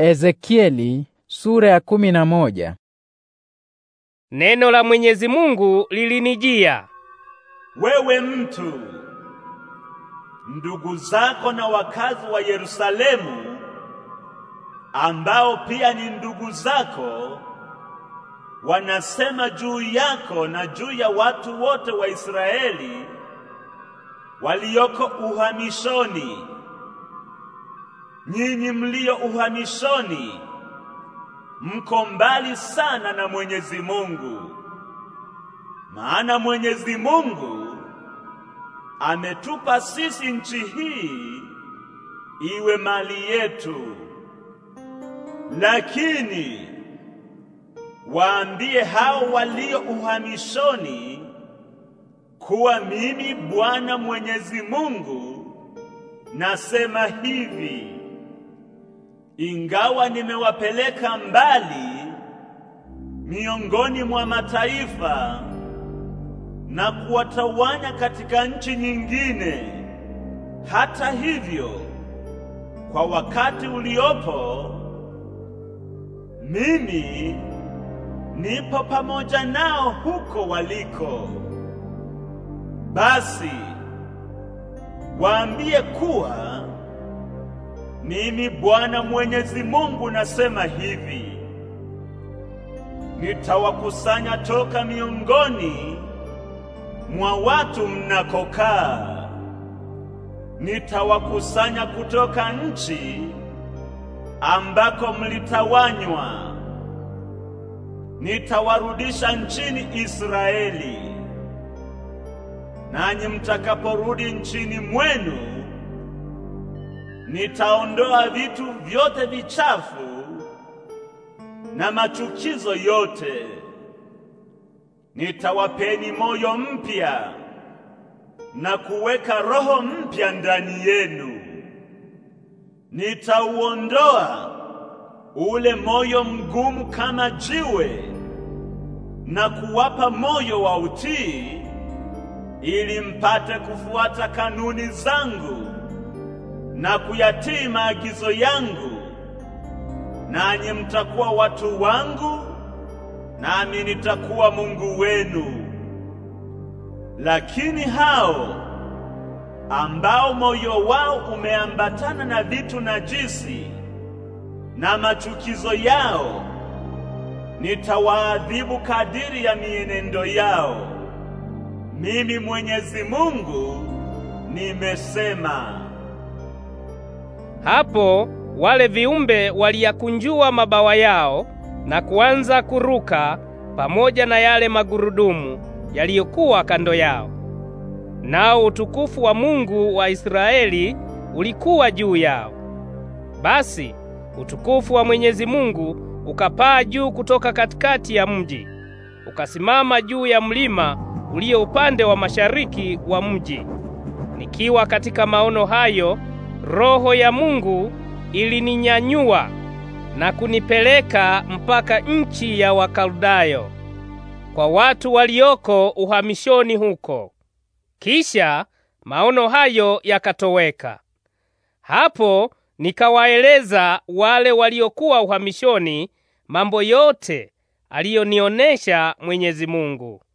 Ezekieli sura ya kumi na moja. Neno la Mwenyezi Mungu lilinijia. Wewe mtu, ndugu zako na wakazi wa Yerusalemu ambao pia ni ndugu zako wanasema juu yako na juu ya watu wote wa Israeli walioko uhamishoni nyinyi mlio uhamishoni mko mbali sana na Mwenyezi Mungu, maana Mwenyezi Mungu ametupa sisi nchi hii iwe mali yetu. Lakini waambie hao walio uhamishoni kuwa mimi Bwana Mwenyezi Mungu nasema hivi: ingawa nimewapeleka mbali miongoni mwa mataifa na kuwatawanya katika nchi nyingine, hata hivyo kwa wakati uliopo mimi nipo pamoja nao huko waliko. Basi waambie kuwa mimi Bwana Mwenyezi Mungu nasema hivi, nitawakusanya toka miongoni mwa watu mnakokaa, nitawakusanya kutoka nchi ambako mlitawanywa, nitawarudisha nchini Israeli. Nanyi mtakaporudi nchini mwenu nitaondoa vitu vyote vichafu na machukizo yote, nitawapeni moyo mpya na kuweka roho mpya ndani yenu. Nitauondoa ule moyo mgumu kama jiwe na kuwapa moyo wa utii, ili mpate kufuata kanuni zangu na kuyatii maagizo yangu, nanyi mtakuwa watu wangu, nami nitakuwa Mungu wenu. Lakini hao ambao moyo wao umeambatana na vitu najisi na machukizo yao, nitawaadhibu kadiri ya mienendo yao. Mimi Mwenyezi Mungu nimesema. Hapo wale viumbe waliyakunjua mabawa yao na kuanza kuruka pamoja na yale magurudumu yaliyokuwa kando yao. Nao utukufu wa Mungu wa Israeli ulikuwa juu yao. Basi utukufu wa Mwenyezi Mungu ukapaa juu kutoka katikati ya mji, ukasimama juu ya mlima ulio upande wa mashariki wa mji. Nikiwa katika maono hayo Roho ya Mungu ilininyanyua na kunipeleka mpaka nchi ya Wakaldayo kwa watu walioko uhamishoni huko. Kisha maono hayo yakatoweka. Hapo nikawaeleza wale waliokuwa uhamishoni mambo yote aliyonionesha Mwenyezi Mungu.